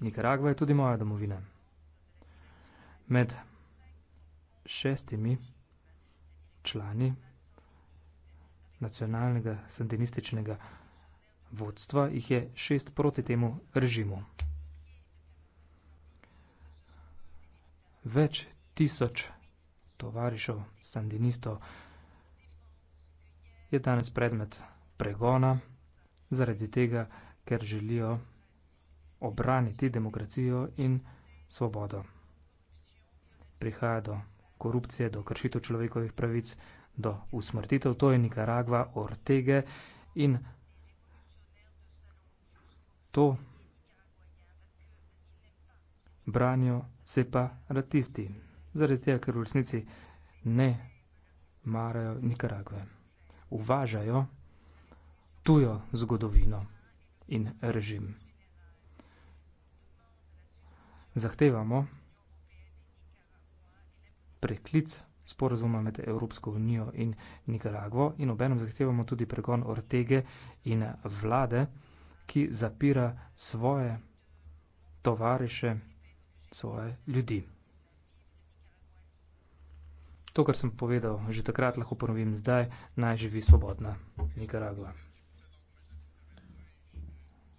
Nikaragva je tudi moja domovina. Med šestimi člani nacionalnega sandinističnega vodstva jih je šest proti temu režimu. Več tisoč tovarišev sandinistov je danes predmet pregona zaradi tega, ker želijo obraniti demokracijo in svobodo. Prihaja do korupcije, do kršitev človekovih pravic, do usmrtitev. To je Nikaragva, Ortega in to branijo separatisti. Zaradi tega, ker v resnici ne marajo Nikaragve. Uvažajo tujo zgodovino in režim zahtevamo preklic sporazuma med Evropsko unijo in Nikaragvo in obenem zahtevamo tudi pregon Ortege in vlade, ki zapira svoje tovariše, svoje ljudi. To, kar sem povedal, že takrat lahko ponovim zdaj, naj živi svobodna Nikaragva.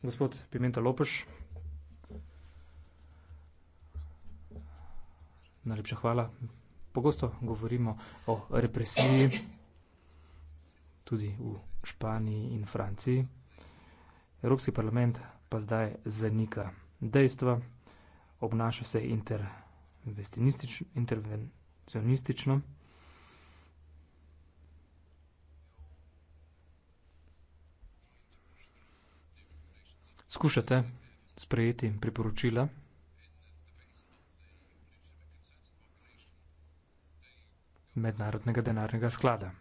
Gospod Pimenta Lopeš, Najlepša hvala. Pogosto govorimo o represiji tudi v Španiji in Franciji. Evropski parlament pa zdaj zanika dejstva, obnaša se intervencionistično. Skušate sprejeti priporočila. mednarodnega denarnega sklada.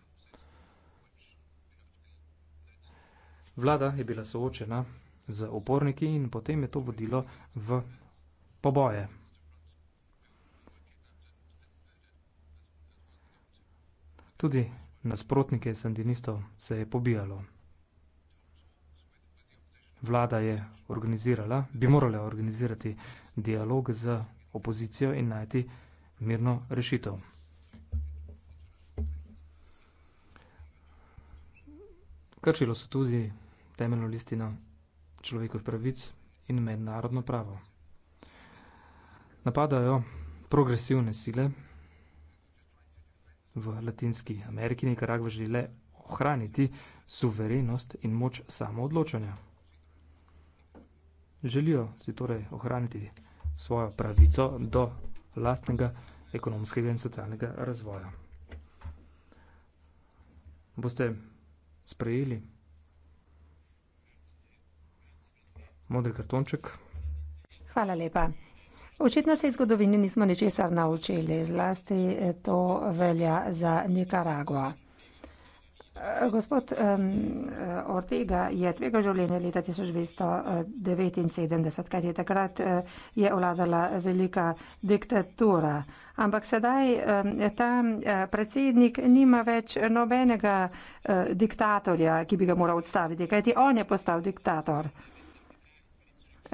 Vlada je bila soočena z oporniki in potem je to vodilo v poboje. Tudi nasprotnike sandinistov se je pobijalo. Vlada je organizirala, bi morala organizirati dialog z opozicijo in najti mirno rešitev. Kršilo so tudi temeljno listino človekov pravic in mednarodno pravo. Napadajo progresivne sile v Latinski Ameriki, nekaj rak žele ohraniti suverenost in moč samoodločanja. Želijo si torej ohraniti svojo pravico do lastnega ekonomskega in socialnega razvoja. Boste sprejeli. Modri kartonček. Hvala lepa. Očitno se iz zgodovine nismo ničesar naučili, zlasti eh, to velja za Nicaragua. Gospod um, Ortega je tvega življenje leta 1279, kajti takrat je vladala velika diktatura. Ampak sedaj um, ta eh, predsednik nima več nobenega uh, diktatorja, ki bi ga moral odstaviti, kajti on je postal diktator. Uh,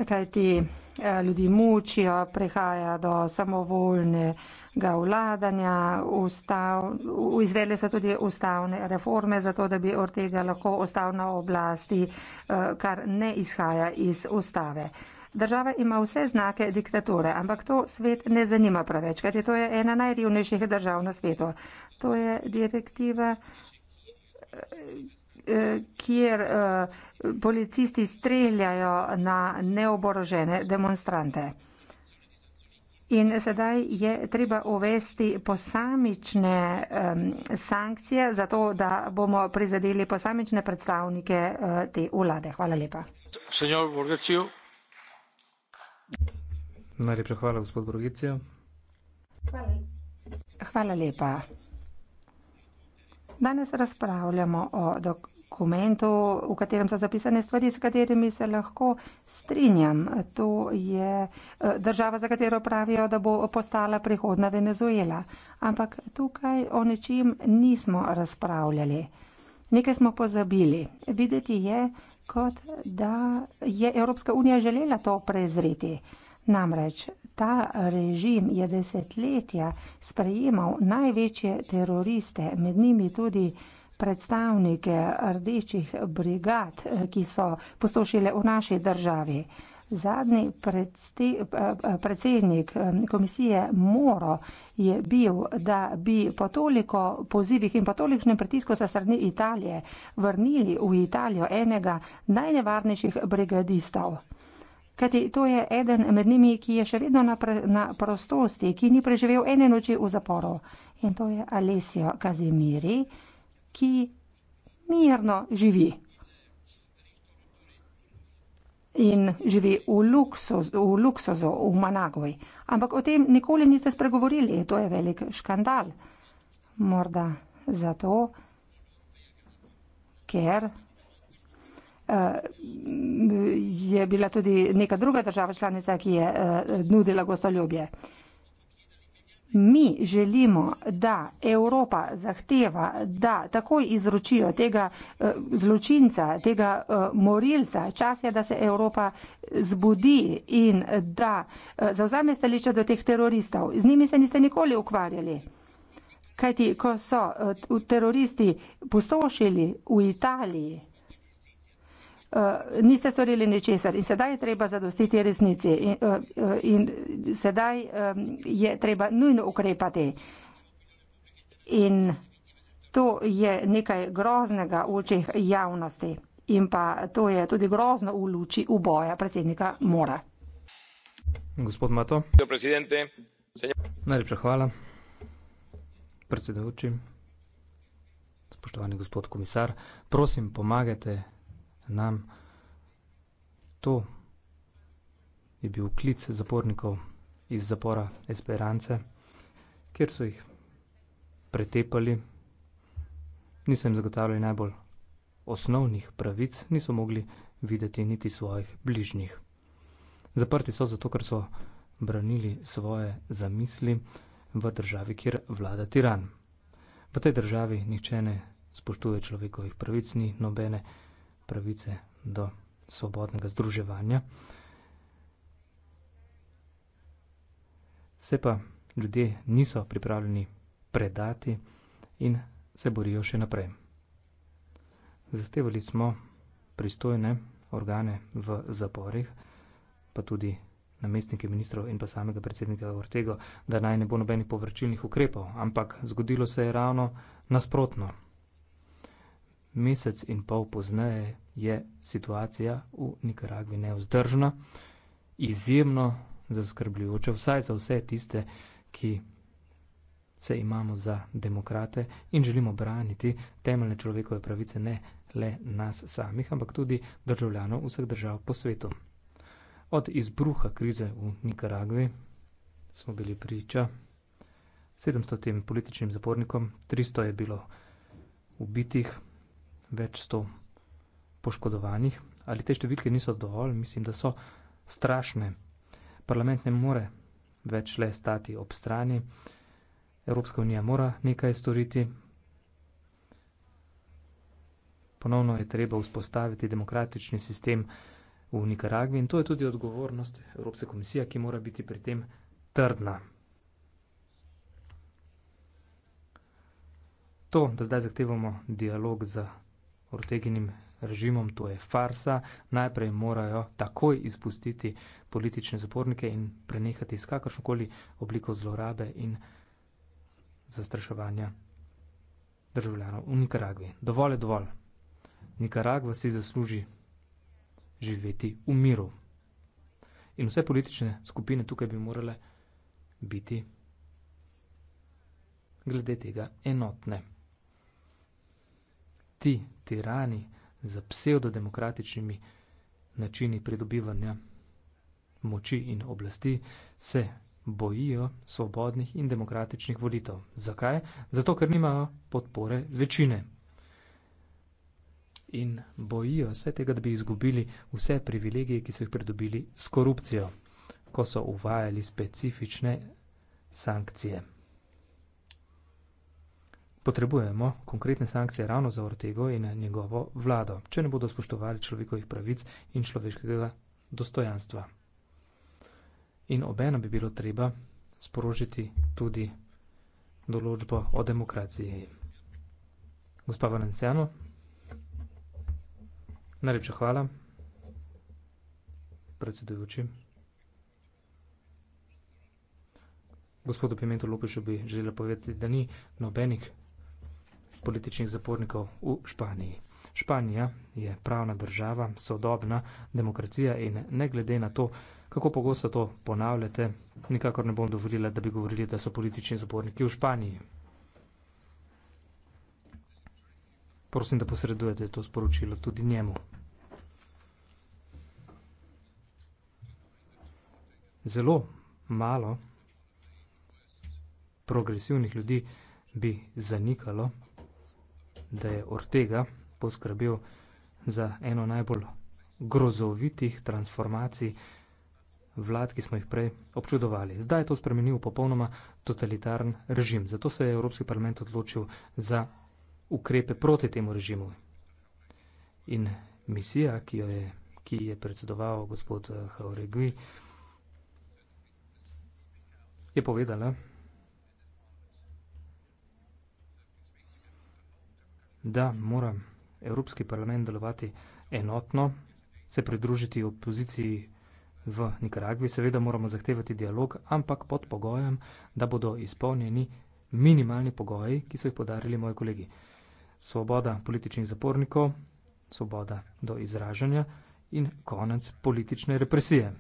kaj ti eh, ljudi mučijo, prihaja do samovoljnega vladanja, ustav, izvele so tudi ustavne reforme, zato da bi Ortega lahko ostal na oblasti, eh, kar ne izhaja iz ustave. Država ima vse znake diktature, ampak to svet ne zanima preveč, kajti to je ena najrivnejših držav na svetu. To je direktiva eh, kjer eh, policisti streljajo na neoborožene demonstrante. In sedaj je treba uvesti posamične um, sankcije za to, da bomo prizadeli posamične predstavnike uh, te vlade. Hvala lepa. Najlepša hvala, gospod Borgicijo. Hvala. hvala lepa. Danes razpravljamo o dokumentu dokumentu, v katerem so zapisane stvari, s katerimi se lahko strinjam. To je eh, država, za katero pravijo, da bo postala prihodna Venezuela. Ampak tukaj o nečem nismo razpravljali. Nekaj smo pozabili. Videti je, kot da je Evropska unija želela to prezreti. Namreč ta režim je desetletja sprejemal največje teroriste, med njimi tudi predstavnike rdečih brigad, ki so postošile v naši državi. Zadnji predsednik eh, komisije Moro je bil, da bi po toliko pozivih in po tolikšnem pritisku sa strani Italije vrnili v Italijo enega najnevarnejših brigadistov. Kajti to je eden med njimi, ki je še vedno na, pre, na prostosti, ki ni preživel ene noči v zaporu. In to je Alessio Kazimiri ki mirno živi. In živi v, luksuz, v luksuzu v Managoji. Ampak o tem nikoli niste spregovorili, to je velik škandal. Morda zato, ker uh, je bila tudi neka druga država članica, ki je uh, nudila gostoljubje. Uh, Mi želimo, da Evropa zahteva, da takoj izročijo tega eh, zločinca, tega eh, morilca. Čas je, da se Evropa zbudi in da eh, zauzame stališče do teh teroristov. Z njimi se niste nikoli ukvarjali. Kajti, ko so teroristi pustošili v Italiji, uh, niste storili ničesar in sedaj je treba zadostiti resnici in, uh, in sedaj um, je treba nujno ukrepati. In to je nekaj groznega v očeh javnosti in pa to je tudi grozno v luči uboja predsednika Mora. Gospod Mato. Najlepša hvala. Predsedujoči, spoštovani gospod komisar, prosim, pomagajte nam. To je bil klic zapornikov iz zapora Esperance, kjer so jih pretepali. Niso jim zagotavljali najbolj osnovnih pravic, niso mogli videti niti svojih bližnjih. Zaprti so zato, ker so branili svoje zamisli v državi, kjer vlada tiran. V tej državi nihče ne spoštuje človekovih pravic, ni nobene pravice do svobodnega združevanja. Se pa ljudje niso pripravljeni predati in se borijo še naprej. Zahtevali smo pristojne organe v zaporih, pa tudi namestnike ministrov in pa samega predsednika Ortego, da naj ne bo nobenih povračilnih ukrepov, ampak zgodilo se je ravno nasprotno. Mesec in pol pozneje je situacija v Nikaragvi nevzdržna, izjemno zaskrbljujoča, vsaj za vse tiste, ki se imamo za demokrate in želimo braniti temeljne človekove pravice ne le nas samih, ampak tudi državljanov vseh držav po svetu. Od izbruha krize v Nikaragvi smo bili priča 700 tem političnim zapornikom, 300 je bilo ubitih, več sto poškodovanih. Ali te številke niso dovolj? Mislim, da so strašne. Parlament ne more več le stati ob strani. Evropska unija mora nekaj storiti. Ponovno je treba vzpostaviti demokratični sistem v Nikaragvi in to je tudi odgovornost Evropske komisije, ki mora biti pri tem trdna. To, da zdaj zahtevamo dialog za Ortegenim režimom to je farsa, najprej morajo takoj izpustiti politične zapornike in prenehati s kakršnokoli obliko zlorabe in zastraševanja državljanov v Nikaragvi. Dovolj je dovolj. Nikaragva si zasluži živeti v miru. In vse politične skupine tukaj bi morale biti glede tega enotne ti tirani z pseudodemokratičnimi načini pridobivanja moči in oblasti se bojijo svobodnih in demokratičnih volitev. Zakaj? Zato, ker nimajo podpore večine. In bojijo se tega, da bi izgubili vse privilegije, ki so jih pridobili s korupcijo, ko so uvajali specifične sankcije. Potrebujemo konkretne sankcije ravno za Ortego in njegovo vlado, če ne bodo spoštovali človekovih pravic in človeškega dostojanstva. In obeno bi bilo treba sporožiti tudi določbo o demokraciji. Gospa Valenciano, najlepša hvala, predsedujoči. Gospodu Pimentu Lopišu bi želela povedati, da ni nobenih političnih zapornikov v Španiji. Španija je pravna država, sodobna demokracija in ne glede na to, kako pogosto to ponavljate, nikakor ne bom dovolila, da bi govorili, da so politični zaporniki v Španiji. Prosim, da posredujete to sporočilo tudi njemu. Zelo malo progresivnih ljudi bi zanikalo da je Ortega poskrbel za eno najbolj grozovitih transformacij vlad, ki smo jih prej občudovali. Zdaj je to spremenil popolnoma totalitarn režim. Zato se je Evropski parlament odločil za ukrepe proti temu režimu. In misija, ki jo je, ki je predsedoval gospod eh, Hauregui, je povedala, da mora Evropski parlament delovati enotno, se pridružiti opoziciji v Nikaragvi. Seveda moramo zahtevati dialog, ampak pod pogojem, da bodo izpolnjeni minimalni pogoji, ki so jih podarili moji kolegi. Svoboda političnih zapornikov, svoboda do izražanja in konec politične represije.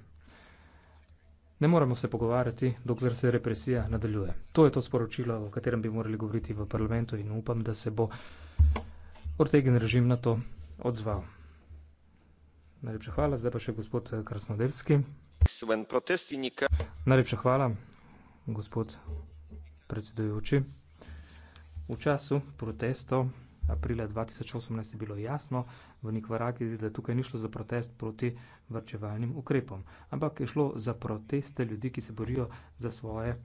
Ne moremo se pogovarjati, dokler se represija nadaljuje. To je to sporočilo, o katerem bi morali govoriti v parlamentu in upam, da se bo ortegen režim na to odzval. Najlepša hvala, zdaj pa še gospod eh, Krasnodevski. Najlepša hvala, gospod predsedujoči. V času protestov aprila 2018 je bilo jasno v Nikvaragi, da tukaj ni šlo za protest proti vrčevalnim ukrepom, ampak je šlo za proteste ljudi, ki se borijo za svoje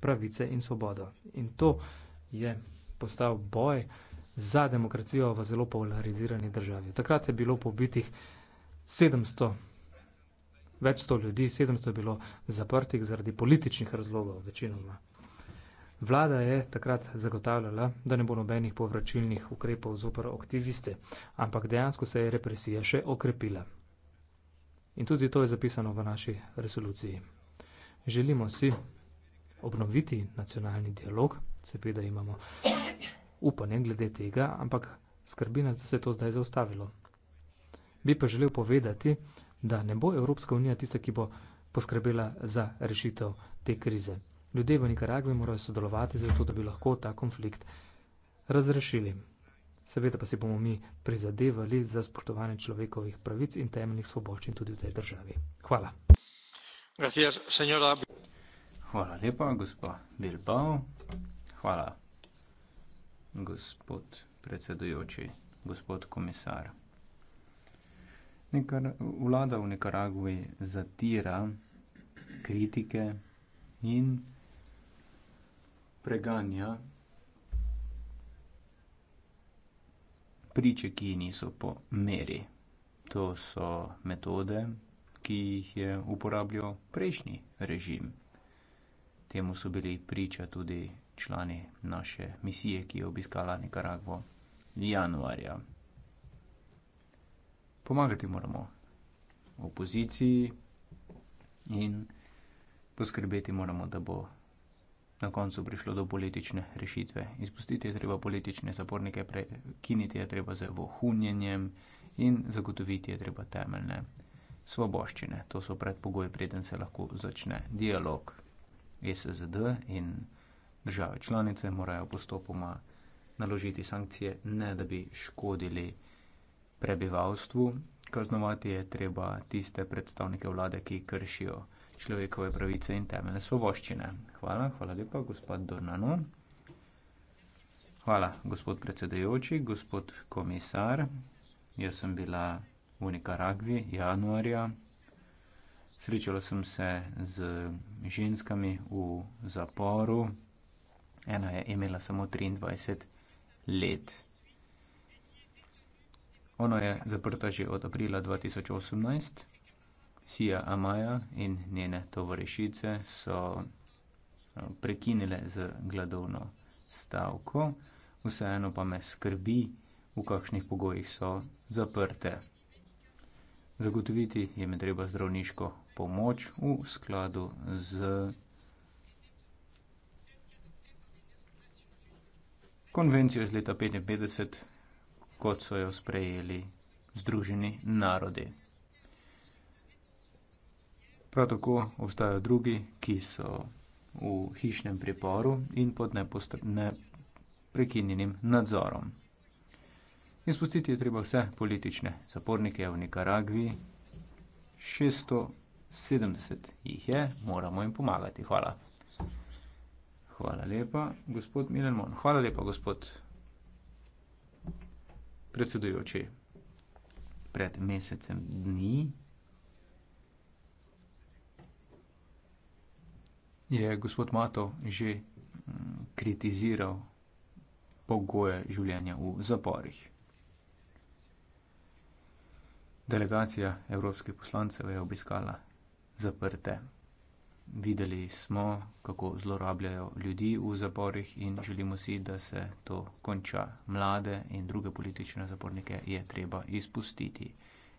pravice in svobodo. In to je postal boj za demokracijo v zelo polarizirani državi. Takrat je bilo pobitih 700 več sto ljudi, 700 je bilo zaprtih zaradi političnih razlogov večinoma. Vlada je takrat zagotavljala, da ne bo nobenih povračilnih ukrepov zoper aktiviste, ampak dejansko se je represija še okrepila. In tudi to je zapisano v naši resoluciji. Želimo si obnoviti nacionalni dialog, seveda imamo upanje glede tega, ampak skrbi nas, da se je to zdaj zaustavilo. Bi pa želel povedati, da ne bo Evropska unija tista, ki bo poskrbela za rešitev te krize. Ljudje v Nikaragvi morajo sodelovati zato, da bi lahko ta konflikt razrešili. Seveda pa si bomo mi prizadevali za spoštovanje človekovih pravic in temeljnih svoboščin tudi v tej državi. Hvala. Gracias, Hvala lepa, gospod Bilbao. Hvala, gospod predsedujoči, gospod komisar. Nikar, vlada v Nikaragvi zatira kritike in preganja priče, ki niso po meri. To so metode, ki jih je uporabljal prejšnji režim. Temu so bili priča tudi člani naše misije, ki je obiskala Nicaragvo januarja. Pomagati moramo opoziciji in poskrbeti moramo, da bo Na koncu prišlo do politične rešitve. Izpustiti je treba politične zapornike, prekiniti je treba z vohunjenjem in zagotoviti je treba temeljne svoboščine. To so predpogoji, preden se lahko začne dialog. SSD in države članice morajo postopoma naložiti sankcije, ne da bi škodili prebivalstvu. Kaznovati je treba tiste predstavnike vlade, ki kršijo človekove pravice in temeljne svoboščine. Hvala, hvala lepa, gospod Dornano. Hvala, gospod predsedajoči, gospod komisar. Jaz sem bila v Nikaragvi januarja. Srečala sem se z ženskami v zaporu. Ena je imela samo 23 let. Ono je zaprta že od aprila 2018. Sija Amaja in njene tovarišice so eh, prekinile z gladovno stavko, vseeno pa me skrbi, v kakšnih pogojih so zaprte. Zagotoviti jim je treba zdravniško pomoč v skladu z konvencijo iz leta 1955, kot so jo sprejeli Združeni narodi. Prav tako obstajajo drugi, ki so v hišnem priporu in pod neprekinjenim nadzorom. Izpustiti je treba vse politične zapornike v Nikaragvi. 670 jih je, moramo jim pomagati. Hvala. Hvala lepa, gospod Milenmon. Hvala lepa, gospod predsedujoči. Pred mesecem dni je gospod Mato že mm, kritiziral pogoje življenja v zaporih. Delegacija evropskih poslancev je obiskala zaprte. Videli smo, kako zlorabljajo ljudi v zaporih in želimo si, da se to konča. Mlade in druge politične zapornike je treba izpustiti.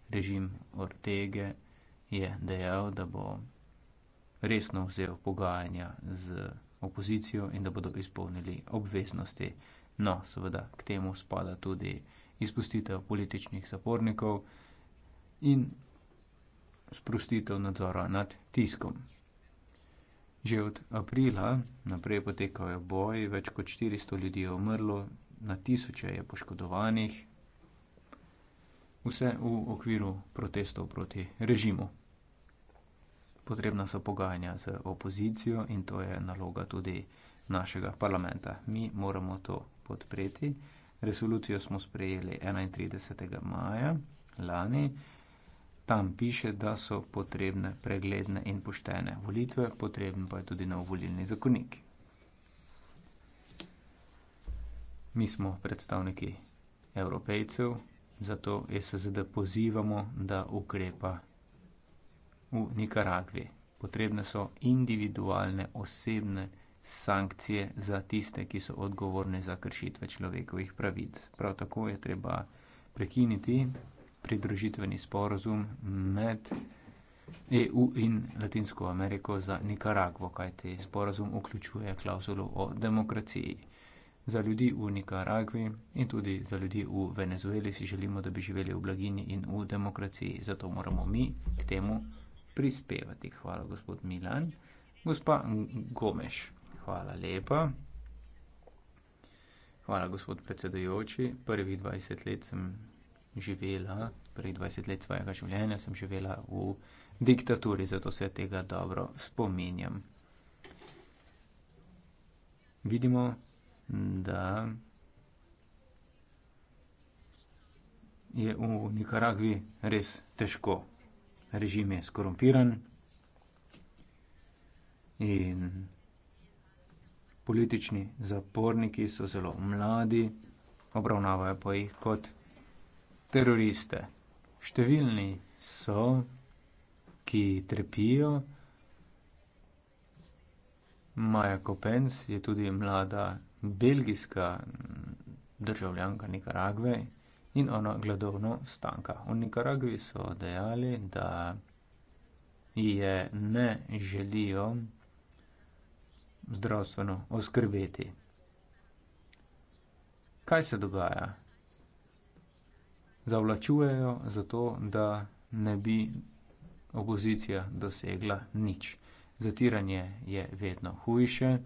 Režim Ortege je dejal, da bo resno vzel pogajanja z opozicijo in da bodo izpolnili obveznosti. No, seveda, k temu spada tudi izpustitev političnih zapornikov in sprostitev nadzora nad tiskom. Že od aprila naprej potekajo boji, več kot 400 ljudi je umrlo, na tisoče je poškodovanih, vse v okviru protestov proti režimu potrebna so pogajanja z opozicijo in to je naloga tudi našega parlamenta. Mi moramo to podpreti. Resolucijo smo sprejeli 31. maja lani. Tam piše, da so potrebne pregledne in poštene volitve, potreben pa je tudi nov volilni zakonik. Mi smo predstavniki evropejcev, zato SSD pozivamo, da ukrepa v Nikaragvi. Potrebne so individualne osebne sankcije za tiste, ki so odgovorni za kršitve človekovih pravic. Prav tako je treba prekiniti pridružitveni sporozum med EU in Latinsko Ameriko za Nikaragvo, kajti sporozum vključuje klauzulo o demokraciji. Za ljudi v Nikaragvi in tudi za ljudi v Venezueli si želimo, da bi živeli v blagini in v demokraciji. Zato moramo mi k temu prispevati. Hvala, gospod Milan. Gospa Gomeš, hvala lepa. Hvala, gospod predsedujoči. Prvih 20 let sem živela, prvih 20 let svojega življenja sem živela v diktaturi, zato se tega dobro spominjam. Vidimo, da je v Nikaragvi res težko režim je skorumpiran in politični zaporniki so zelo mladi, obravnavajo pa jih kot teroriste. Številni so, ki trpijo, Maja Kopens je tudi mlada belgijska državljanka Nikaragve, in ono gladovno stanka. V Nikaragvi so dejali, da je ne želijo zdravstveno oskrbeti. Kaj se dogaja? Zavlačujejo zato, da ne bi opozicija dosegla nič. Zatiranje je vedno hujše,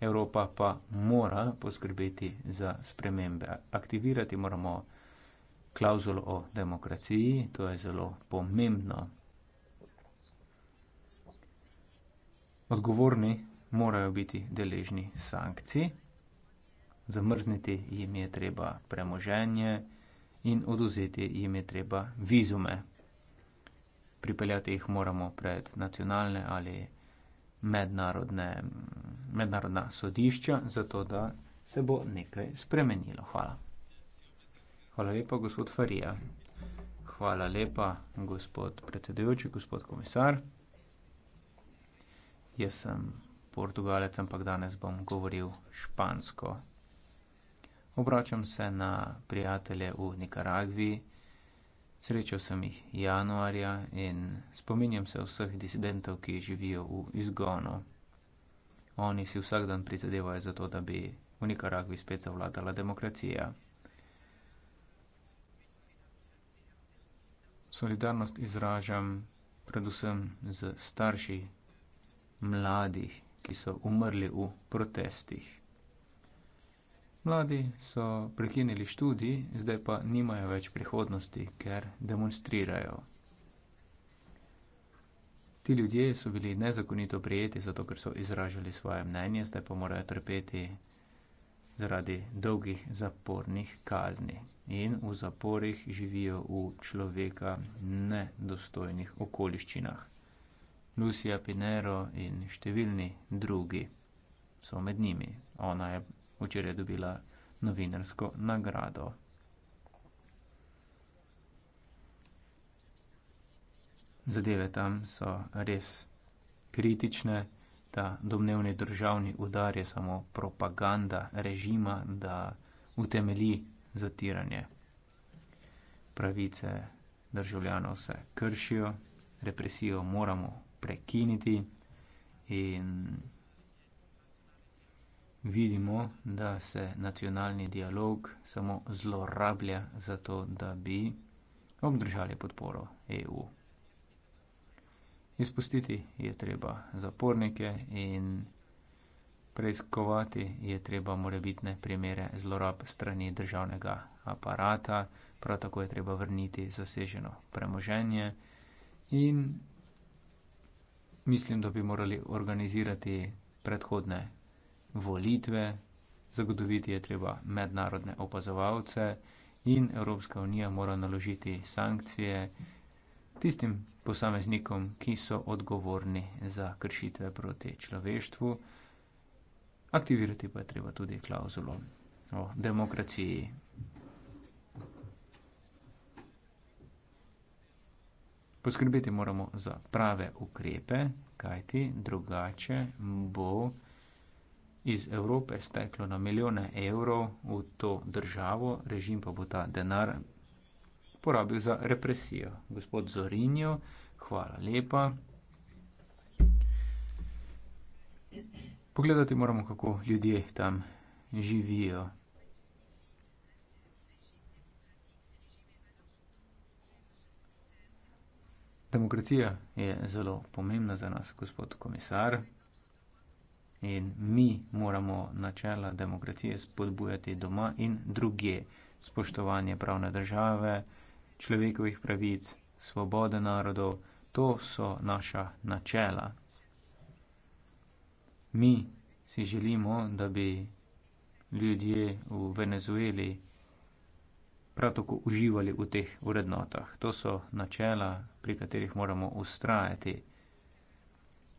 Evropa pa mora poskrbeti za spremembe. Aktivirati moramo klauzulo o demokraciji, to je zelo pomembno. Odgovorni morajo biti deležni sankcij, zamrzniti jim je treba premoženje in oduzeti jim je treba vizume. Pripeljati jih moramo pred nacionalne ali mednarodne, mednarodna sodišča, zato da se bo nekaj spremenilo. Hvala. Hvala lepa, gospod Farija. Hvala lepa, gospod predsedujoči, gospod komisar. Jaz sem portugalec, ampak danes bom govoril špansko. Obračam se na prijatelje v Nikaragvi. Srečal sem jih januarja in spominjam se vseh disidentov, ki živijo v izgonu. Oni si vsak dan prizadevajo za to, da bi v Nikaragvi spet zavladala demokracija. Solidarnost izražam predvsem z starši mladih, ki so umrli v protestih. Mladi so prekinili študij, zdaj pa nimajo več prihodnosti, ker demonstrirajo. Ti ljudje so bili nezakonito prijeti, zato ker so izražali svoje mnenje, zdaj pa morajo trpeti zaradi dolgih zapornih kazni in v zaporih živijo v človeka nedostojnih okoliščinah. Lucia Pinero in številni drugi so med njimi. Ona je včeraj dobila novinarsko nagrado. Zadeve tam so res kritične ta domnevni državni udar je samo propaganda režima, da utemeli zatiranje pravice državljanov se kršijo, represijo moramo prekiniti in vidimo, da se nacionalni dialog samo zlorablja za to, da bi obdržali podporo EU izpustiti je treba zapornike in preiskovati je treba morebitne primere zlorab strani državnega aparata, prav tako je treba vrniti zaseženo premoženje in mislim, da bi morali organizirati predhodne volitve, zagotoviti je treba mednarodne opazovalce in Evropska unija mora naložiti sankcije tistim posameznikom, ki so odgovorni za kršitve proti človeštvu. Aktivirati pa je treba tudi klauzulo o demokraciji. Poskrbeti moramo za prave ukrepe, kajti drugače bo iz Evrope steklo na milijone evrov v to državo, režim pa bo ta denar porabil za represijo. Gospod Zorinjo, hvala lepa. Pogledati moramo, kako ljudje tam živijo. Demokracija je zelo pomembna za nas, gospod komisar. In mi moramo načela demokracije spodbujati doma in druge spoštovanje pravne države, človekovih pravic, svobode narodov, to so naša načela. Mi si želimo, da bi ljudje v Venezueli prav tako uživali v teh vrednotah. To so načela, pri katerih moramo ustrajati.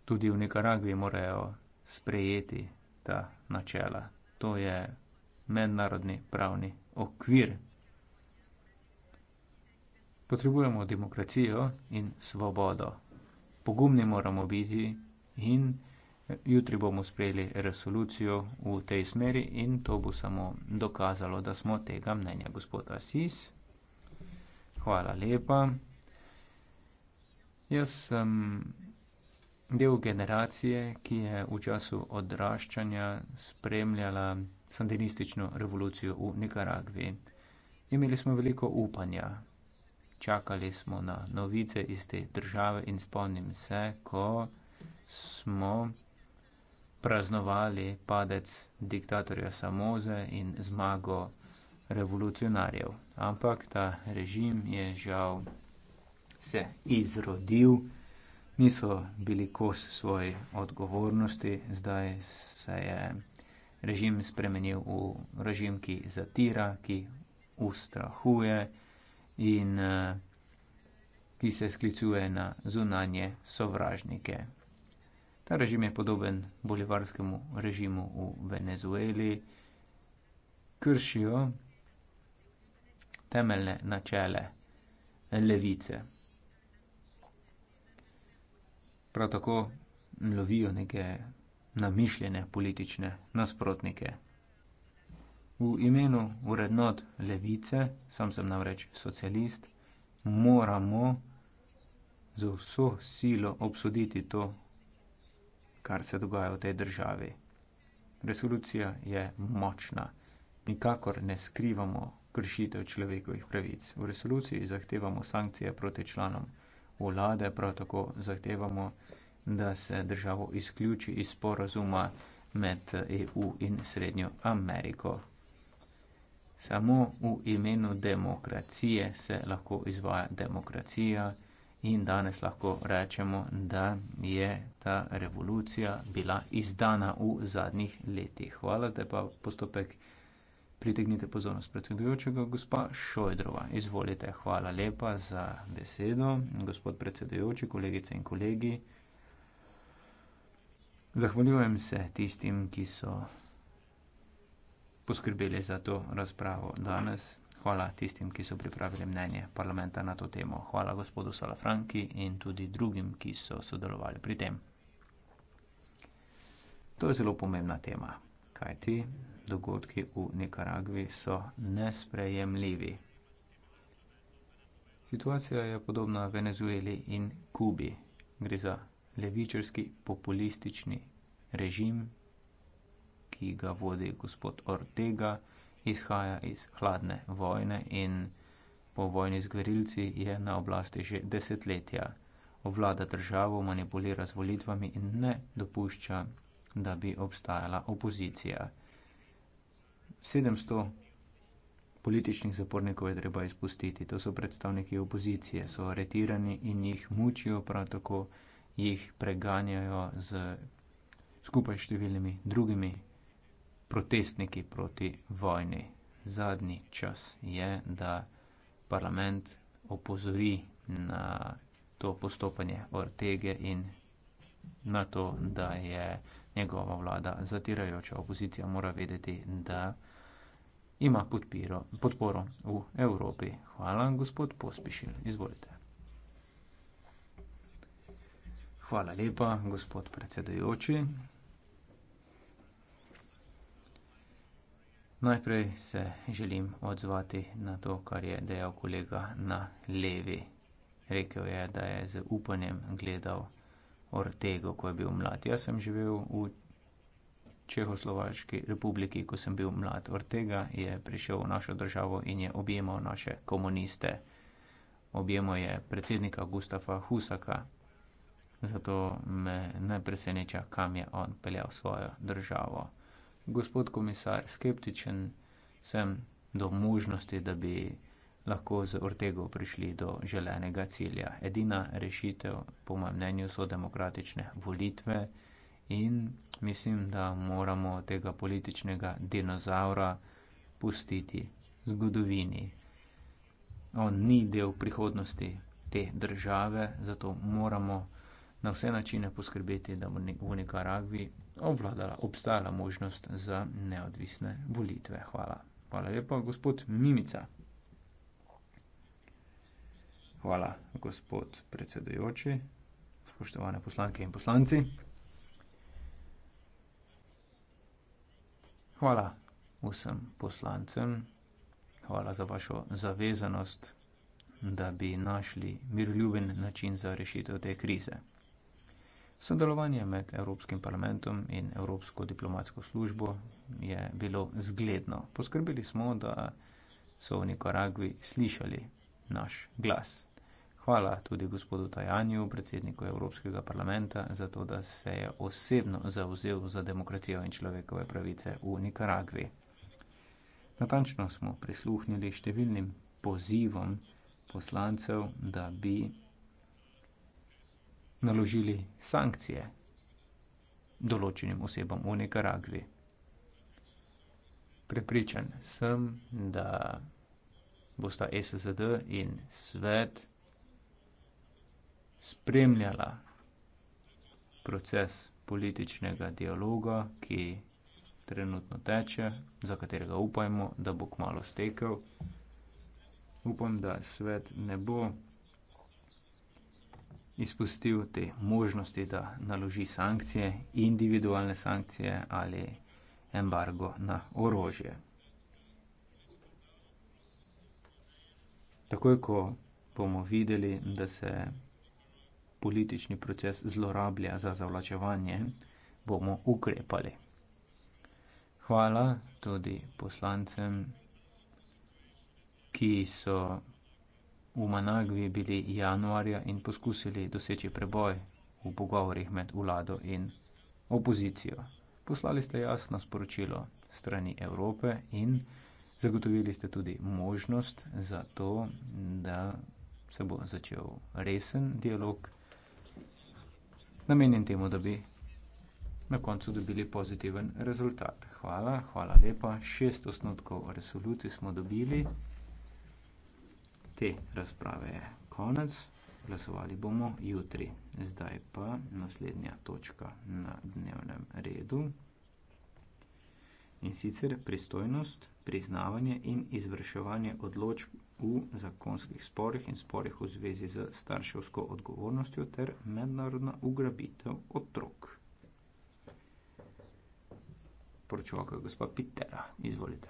Tudi v Nikaragvi morajo sprejeti ta načela. To je mednarodni pravni okvir. Potrebujemo demokracijo in svobodo. Pogumni moramo biti in eh, jutri bomo sprejeli resolucijo v tej smeri in to bo samo dokazalo, da smo tega mnenja, gospod Asis. Hvala lepa. Jaz sem del generacije, ki je v času odraščanja spremljala sandinistično revolucijo v Nikaragvi. Imeli smo veliko upanja, čakali smo na novice iz te države in spomnim se, ko smo praznovali padec diktatorja Samoze in zmago revolucionarjev. Ampak ta režim je žal se izrodil, niso bili kos svoje odgovornosti, zdaj se je režim spremenil v režim, ki zatira, ki ustrahuje in uh, ki se sklicuje na zunanje sovražnike. Ta režim je podoben bolivarskemu režimu v Venezueli, kršijo temeljne načele levice. Prav tako lovijo neke namišljene politične nasprotnike. V imenu urednot levice, sam sem namreč socialist, moramo z vso silo obsoditi to, kar se dogaja v tej državi. Resolucija je močna. Nikakor ne skrivamo kršitev človekovih pravic. V resoluciji zahtevamo sankcije proti članom vlade, prav tako zahtevamo, da se državo izključi iz porazuma med EU in Srednjo Ameriko. Samo v imenu demokracije se lahko izvaja demokracija in danes lahko rečemo, da je ta revolucija bila izdana v zadnjih letih. Hvala, zdaj pa postopek pritegnite pozornost predsedujočega, gospa Šojdrova. Izvolite, hvala lepa za besedo, gospod predsedujoči, kolegice in kolegi. Zahvaljujem se tistim, ki so poskrbeli za to razpravo danes. Hvala tistim, ki so pripravili mnenje parlamenta na to temo. Hvala gospodu Salafranki in tudi drugim, ki so sodelovali pri tem. To je zelo pomembna tema, kajti dogodki v Nikaragvi so nesprejemljivi. Situacija je podobna Venezueli in Kubi. Gre za levičarski populistični režim, ki ga vodi gospod Ortega, izhaja iz hladne vojne in po vojni z gverilci je na oblasti že desetletja. Ovlada državo, manipulira z volitvami in ne dopušča, da bi obstajala opozicija. 700 političnih zapornikov je treba izpustiti, to so predstavniki opozicije, so aretirani in jih mučijo, prav tako jih preganjajo z, skupaj s številnimi drugimi protestniki proti vojni. Zadnji čas je, da parlament opozori na to postopanje Ortege in na to, da je njegova vlada zatirajoča. Opozicija mora vedeti, da ima podpiro, podporo v Evropi. Hvala, gospod Pospišil. Izvolite. Hvala lepa, gospod predsedujoči. Najprej se želim odzvati na to, kar je dejal kolega na levi. Rekl je, da je z upanjem gledal Ortego, ko je bil mlad. Jaz sem živel v Čehoslovaški republiki, ko sem bil mlad. Ortega je prišel v našo državo in je objemal naše komuniste. Objemal je predsednika Gustafa Husaka. Zato me ne preseneča, kam je on peljal svojo državo gospod komisar, skeptičen sem do možnosti, da bi lahko z Ortego prišli do želenega cilja. Edina rešitev, po mojem mnenju, so demokratične volitve in mislim, da moramo tega političnega dinozaura pustiti zgodovini. On ni del prihodnosti te države, zato moramo na vse načine poskrbeti, da v Nicaragvi obvladala, obstajala možnost za neodvisne volitve. Hvala. Hvala lepa, gospod Mimica. Hvala, gospod predsedujoči, spoštovane poslanke in poslanci. Hvala vsem poslancem, hvala za vašo zavezanost, da bi našli mirljuben način za rešitev te krize. Sodelovanje med Evropskim parlamentom in Evropsko diplomatsko službo je bilo zgledno. Poskrbeli smo, da so v Nikaragvi slišali naš glas. Hvala tudi gospodu Tajanju, predsedniku Evropskega parlamenta, za to, da se je osebno zauzel za demokracijo in človekove pravice v Nikaragvi. Natančno smo prisluhnili številnim pozivom poslancev, da bi naložili sankcije določenim osebam v Nicaragvi. Prepričan sem, da bosta SSD in svet spremljala proces političnega dialoga, ki trenutno teče, za katerega upajmo, da bo kmalo stekel. Upam, da svet ne bo izpustil te možnosti, da naloži sankcije, individualne sankcije ali embargo na orožje. Takoj, ko bomo videli, da se politični proces zlorablja za zavlačevanje, bomo ukrepali. Hvala tudi poslancem, ki so V Managvi bili januarja in poskusili doseči preboj v pogovorih med vlado in opozicijo. Poslali ste jasno sporočilo strani Evrope in zagotovili ste tudi možnost za to, da se bo začel resen dialog, namenjen temu, da bi na koncu dobili pozitiven rezultat. Hvala, hvala lepa. Šest osnotkov resolucij smo dobili te razprave je konec. Glasovali bomo jutri. Zdaj pa naslednja točka na dnevnem redu. In sicer pristojnost, priznavanje in izvrševanje odločb v zakonskih sporih in sporih v zvezi z starševsko odgovornostjo ter mednarodna ugrabitev otrok. Poročuvaka gospa Pitera, izvolite.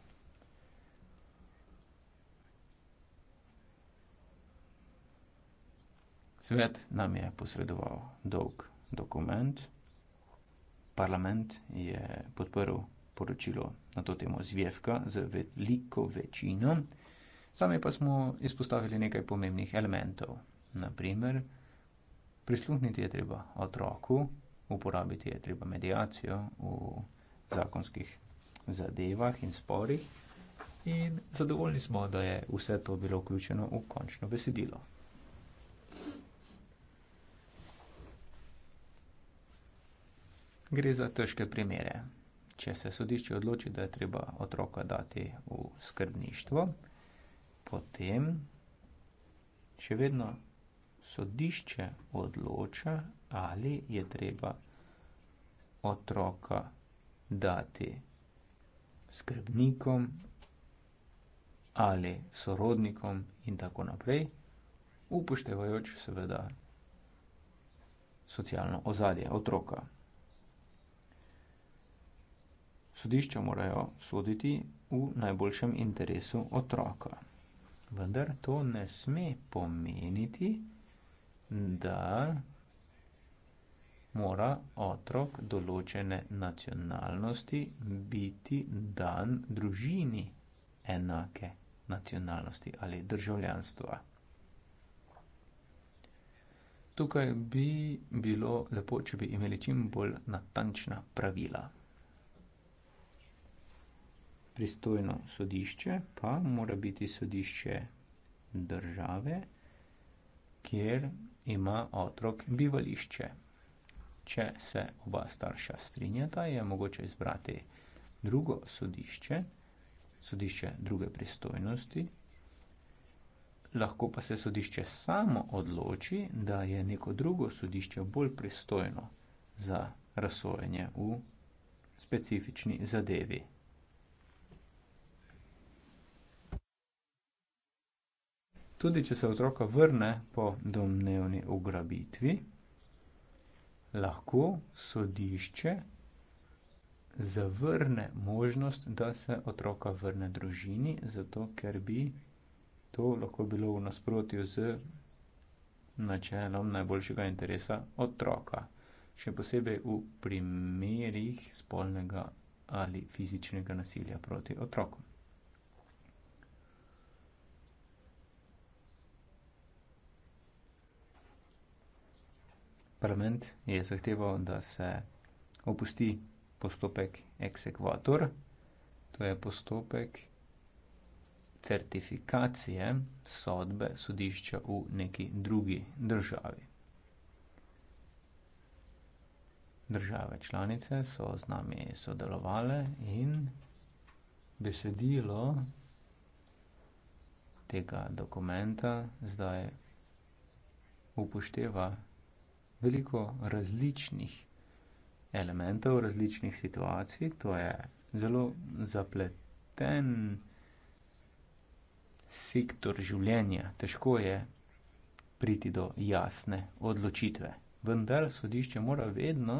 Svet nam je posredoval dolg dokument. Parlament je podprl poročilo na to temo Zvijevka z veliko večino. Sami pa smo izpostavili nekaj pomembnih elementov. Naprimer, prisluhniti je treba otroku, uporabiti je treba medijacijo v zakonskih zadevah in sporih in zadovoljni smo, da je vse to bilo vključeno v končno besedilo. Gre za težke primere. Če se sodišče odloči, da je treba otroka dati v skrbništvo, potem še vedno sodišče odloča, ali je treba otroka dati skrbnikom ali sorodnikom in tako naprej, upoštevajoč seveda socialno ozadje otroka. Sodišča morajo soditi v najboljšem interesu otroka. Vendar to ne sme pomeniti, da mora otrok določene nacionalnosti biti dan družini enake nacionalnosti ali državljanstva. Tukaj bi bilo lepo, če bi imeli čim bolj natančna pravila pristojno sodišče pa mora biti sodišče države, kjer ima otrok bivališče. Če se oba starša strinjata, je mogoče izbrati drugo sodišče, sodišče druge pristojnosti. Lahko pa se sodišče samo odloči, da je neko drugo sodišče bolj pristojno za razsojenje v specifični zadevi. tudi če se otroka vrne po domnevni ugrabitvi, lahko sodišče zavrne možnost, da se otroka vrne družini, zato ker bi to lahko bilo v nasprotju z načelom najboljšega interesa otroka, še posebej v primerih spolnega ali fizičnega nasilja proti otrokom. parlament je zahteval, da se opusti postopek exekvator, to je postopek certifikacije sodbe sodišča v neki drugi državi. Države članice so z nami sodelovali in besedilo tega dokumenta zdaj upošteva veliko različnih elementov, različnih situacij. To je zelo zapleten sektor življenja. Težko je priti do jasne odločitve. Vendar sodišče mora vedno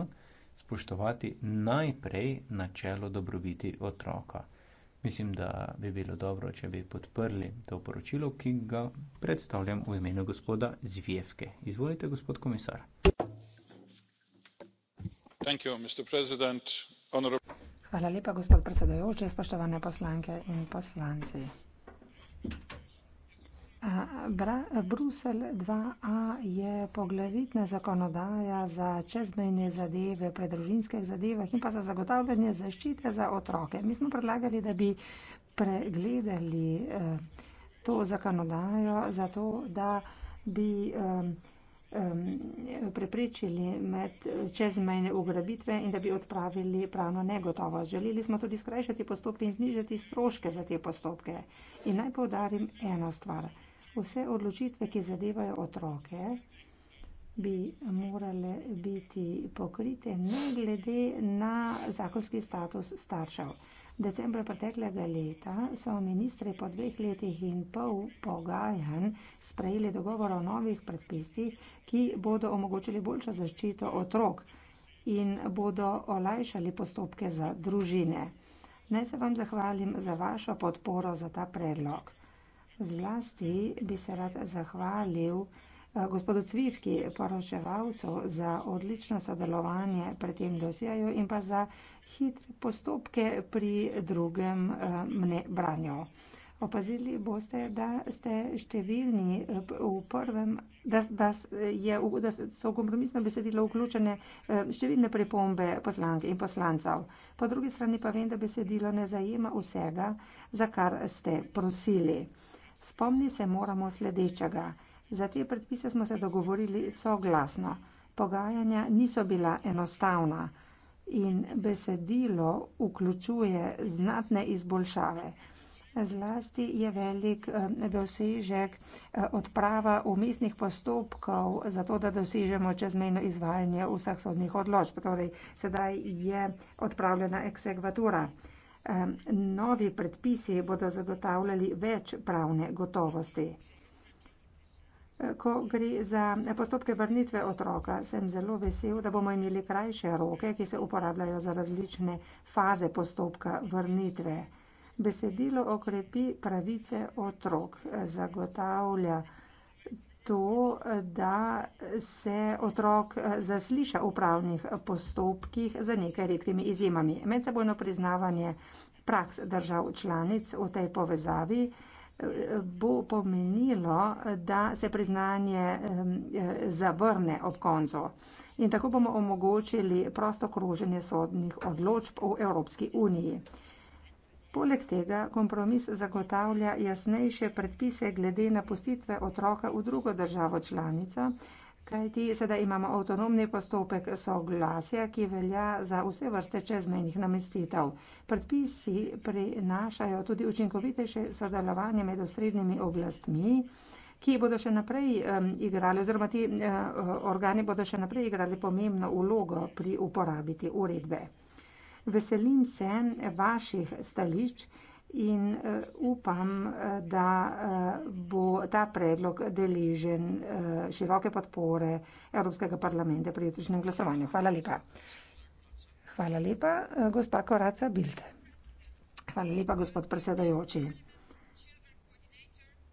spoštovati najprej načelo dobrobiti otroka. Mislim, da bi bilo dobro, če bi podprli to poročilo, ki ga predstavljam v imenu gospoda Zvijevke. Izvolite, gospod komisar hvala lepa gospod predsedujoči spoštovane poslanke in poslanci bruselj dva a je poglavitna zakonodaja za čezmejne zadeve pri družinskih zadevah in pa za zagotavljanje zaščite za otroke mi smo predlagali da bi pregledali eh, to zakonodajo zato da bi eh, preprečili med čezmejne ugrabitve in da bi odpravili pravno negotovost. Želeli smo tudi skrajšati postopke in znižati stroške za te postopke. In naj povdarim eno stvar. Vse odločitve, ki zadevajo otroke, bi morale biti pokrite ne glede na zakonski status staršev. Decembra preteklega leta so ministri po dveh letih in pol pogajanj sprejeli dogovor o novih predpisih, ki bodo omogočili boljšo zaščito otrok in bodo olajšali postopke za družine. Naj se vam zahvalim za vašo podporo za ta predlog. Zlasti bi se rad zahvalil Eh, gospodu Cvirki, poroševalcu, za odlično sodelovanje pri tem dosjeju in pa za hitre postopke pri drugem eh, mne, branju. Opazili boste, da ste številni eh, v prvem, da, da, je, da so v kompromisno besedilo vključene številne pripombe poslank in poslancev. Po drugi strani pa vem, da besedilo ne zajema vsega, za kar ste prosili. Spomni se moramo sledečega. Za te predpise smo se dogovorili soglasno. Pogajanja niso bila enostavna in besedilo vključuje znatne izboljšave. Zlasti je velik eh, dosežek eh, odprava umestnih postopkov za to, da dosežemo čezmejno izvajanje vseh sodnih odločb. Torej, sedaj je odpravljena eksekvatura. Eh, novi predpisi bodo zagotavljali več pravne gotovosti ko gre za postopke vrnitve otroka, sem zelo vesel, da bomo imeli krajše roke, ki se uporabljajo za različne faze postopka vrnitve. Besedilo okrepi pravice otrok, zagotavlja to, da se otrok zasliša v pravnih postopkih za nekaj redkimi izjemami. Medsebojno priznavanje praks držav članic v tej povezavi bo pomenilo, da se priznanje zavrne ob koncu. In tako bomo omogočili prosto kroženje sodnih odločb v Evropski uniji. Poleg tega kompromis zagotavlja jasnejše predpise glede napustitve otroka v drugo državo članica, Kajti sedaj imamo avtonomni postopek soglasja, ki velja za vse vrste čezmejnih namestitev. Predpisi prinašajo tudi učinkovitejše sodelovanje med osrednjimi oblastmi, ki bodo še naprej um, igrali, oziroma ti uh, organi bodo še naprej igrali pomembno ulogo pri uporabiti uredbe. Veselim se vaših stališč, in eh, upam, eh, da eh, bo ta predlog deležen široke podpore Evropskega parlamenta pri jutrišnjem glasovanju. Hvala lepa. Hvala lepa, gospa Koraca Bild. Hvala lepa, gospod predsedajoči.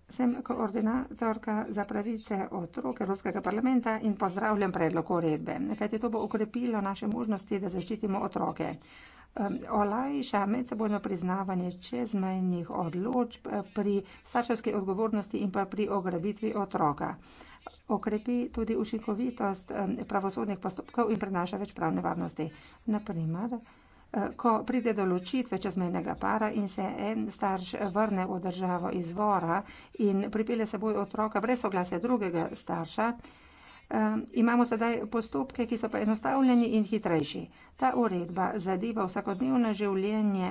Sem koordinatorka za pravice otrok Evropskega parlamenta in pozdravljam predlog uredbe, kajti to bo okrepilo naše možnosti, da zaščitimo otroke. Um, olajša medsebojno priznavanje čezmejnih odločb eh, pri starševski odgovornosti in pa pri ograbitvi otroka. Okrepi tudi učinkovitost um, pravosodnih postopkov in prenaša več pravne varnosti. Naprimer, eh, ko pride do ločitve čezmejnega para in se en starš vrne v državo izvora in pripelje seboj otroka brez soglasja drugega starša, imamo sedaj postopke, ki so poenostavljeni in hitrejši. Ta uredba zadeva vsakodnevno življenje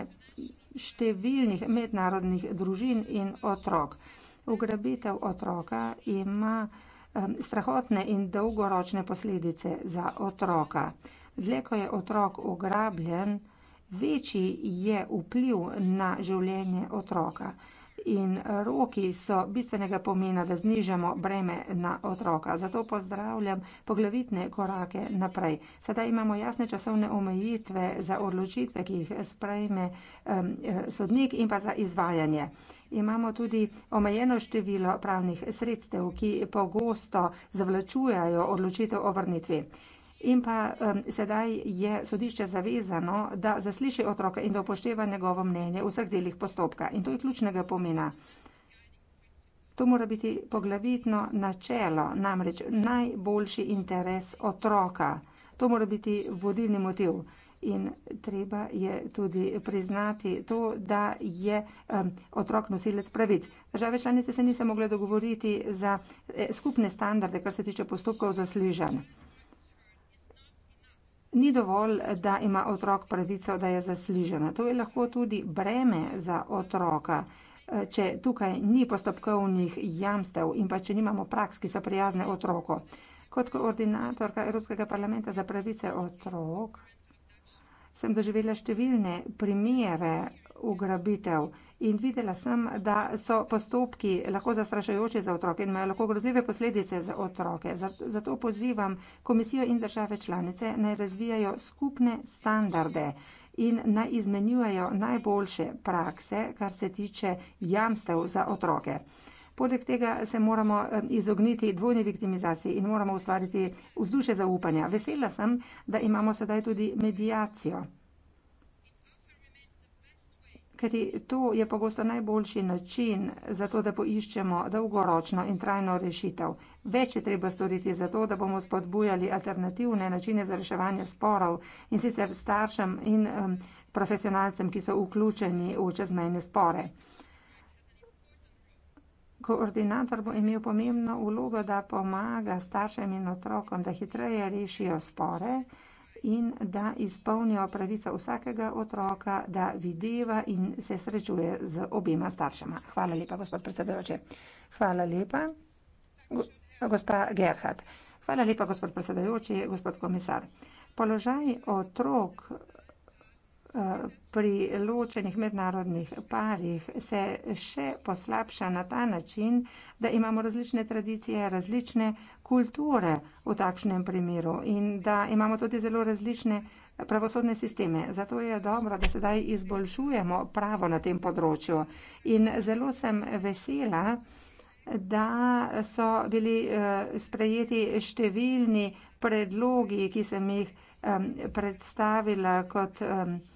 številnih mednarodnih družin in otrok. Ugrabitev otroka ima strahotne in dolgoročne posledice za otroka. Dlje ko je otrok ugrabljen, večji je vpliv na življenje otroka in roki so bistvenega pomena, da znižamo breme na otroka. Zato pozdravljam poglavitne korake naprej. Sedaj imamo jasne časovne omejitve za odločitve, ki jih sprejme um, sodnik in pa za izvajanje. Imamo tudi omejeno število pravnih sredstev, ki pogosto zavlačujajo odločitev o vrnitvi. In pa um, sedaj je sodišče zavezano, da zasliši otroka in da upošteva njegovo mnenje v vseh delih postopka. In to je ključnega pomena. To mora biti poglavitno načelo, namreč najboljši interes otroka. To mora biti vodilni motiv. In treba je tudi priznati to, da je um, otrok nosilec pravic. Države članice se niso mogle dogovoriti za eh, skupne standarde, kar se tiče postopkov zasližanj ni dovolj, da ima otrok pravico, da je zaslužena. To je lahko tudi breme za otroka. Eh, če tukaj ni postopkovnih jamstev in pa če nimamo praks, ki so prijazne otroko. Kot koordinatorka Evropskega parlamenta za pravice otrok sem doživela številne primere ugrabitev. In videla sem, da so postopki lahko zastrašajoči za otroke in imajo lahko grozljive posledice za otroke. Zato pozivam komisijo in države članice naj razvijajo skupne standarde in naj izmenjujejo najboljše prakse, kar se tiče jamstev za otroke. Poleg tega se moramo eh, izogniti dvojni viktimizaciji in moramo ustvariti vzdušje zaupanja. Vesela sem, da imamo sedaj tudi medijacijo. Ker to je pogosto najboljši način za to, da poiščemo dolgoročno in trajno rešitev. Več je treba storiti za to, da bomo spodbujali alternativne načine za reševanje sporov in sicer staršem in um, profesionalcem, ki so vključeni v čezmejne spore. Koordinator bo imel pomembno vlogo, da pomaga staršem in otrokom, da hitreje rešijo spore in da izpolnijo pravico vsakega otroka, da videva in se srečuje z obema staršema. Hvala lepa, gospod predsedujoči. Hvala lepa, gospa Gerhard. Hvala lepa, gospod predsedujoči, gospod komisar. Položaj otrok pri ločenih mednarodnih parih se še poslabša na ta način, da imamo različne tradicije, različne kulture v takšnem primeru in da imamo tudi zelo različne pravosodne sisteme. Zato je dobro, da sedaj izboljšujemo pravo na tem področju. In zelo sem vesela, da so bili eh, sprejeti številni predlogi, ki sem jih eh, predstavila kot predlogi eh,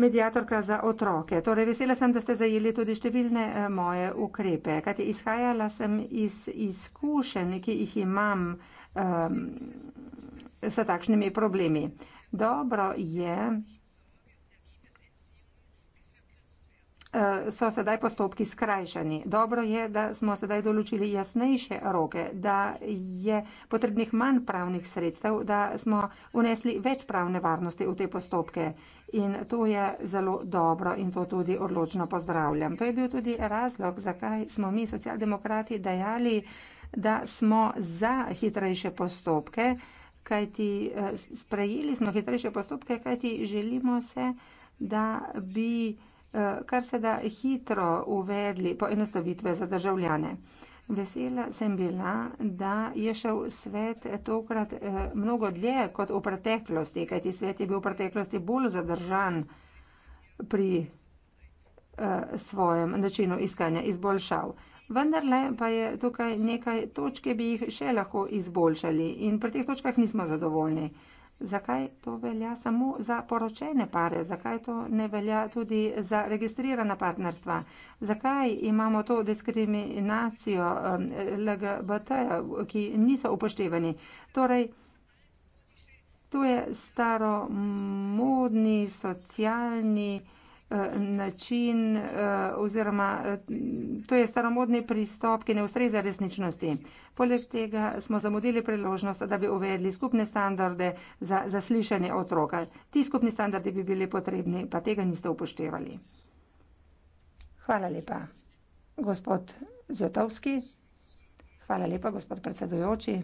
mediatorka za otroke. Torej, vesela sem, da ste zajeli tudi številne eh, moje ukrepe, kajti izhajala sem iz izkušenj, ki jih imam um, s takšnimi problemi. Dobro je, Eh, so sedaj postopki skrajšani. Dobro je, da smo sedaj določili jasnejše roke, da je potrebnih manj pravnih sredstev, da smo unesli več pravne varnosti v te postopke. In to je zelo dobro in to tudi odločno pozdravljam. To je bil tudi razlog, zakaj smo mi, socialdemokrati, dajali, da smo za hitrejše postopke, kajti eh, sprejeli smo hitrejše postopke, kajti želimo se, da bi. Eh, kar se da hitro uvedli poenostavitve za državljane. Vesela sem bila, da je šel svet tokrat eh, mnogo dlje kot v preteklosti, kajti svet je bil v preteklosti bolj zadržan pri eh, svojem načinu iskanja izboljšav. Vendarle pa je tukaj nekaj točke, bi jih še lahko izboljšali in pri teh točkah nismo zadovoljni. Zakaj to velja samo za poročene pare? Zakaj to ne velja tudi za registrirana partnerstva? Zakaj imamo to diskriminacijo um, LGBT, ki niso upoštevani? Torej, to je staromodni, socialni, način eh, oziroma eh, to je staromodni pristop, ki ne ustreza resničnosti. Poleg tega smo zamudili priložnost, da bi uvedli skupne standarde za zaslišanje otroka. Ti skupni standardi bi bili potrebni, pa tega niste upoštevali. Hvala lepa, gospod Zjotovski. Hvala lepa, gospod predsedujoči.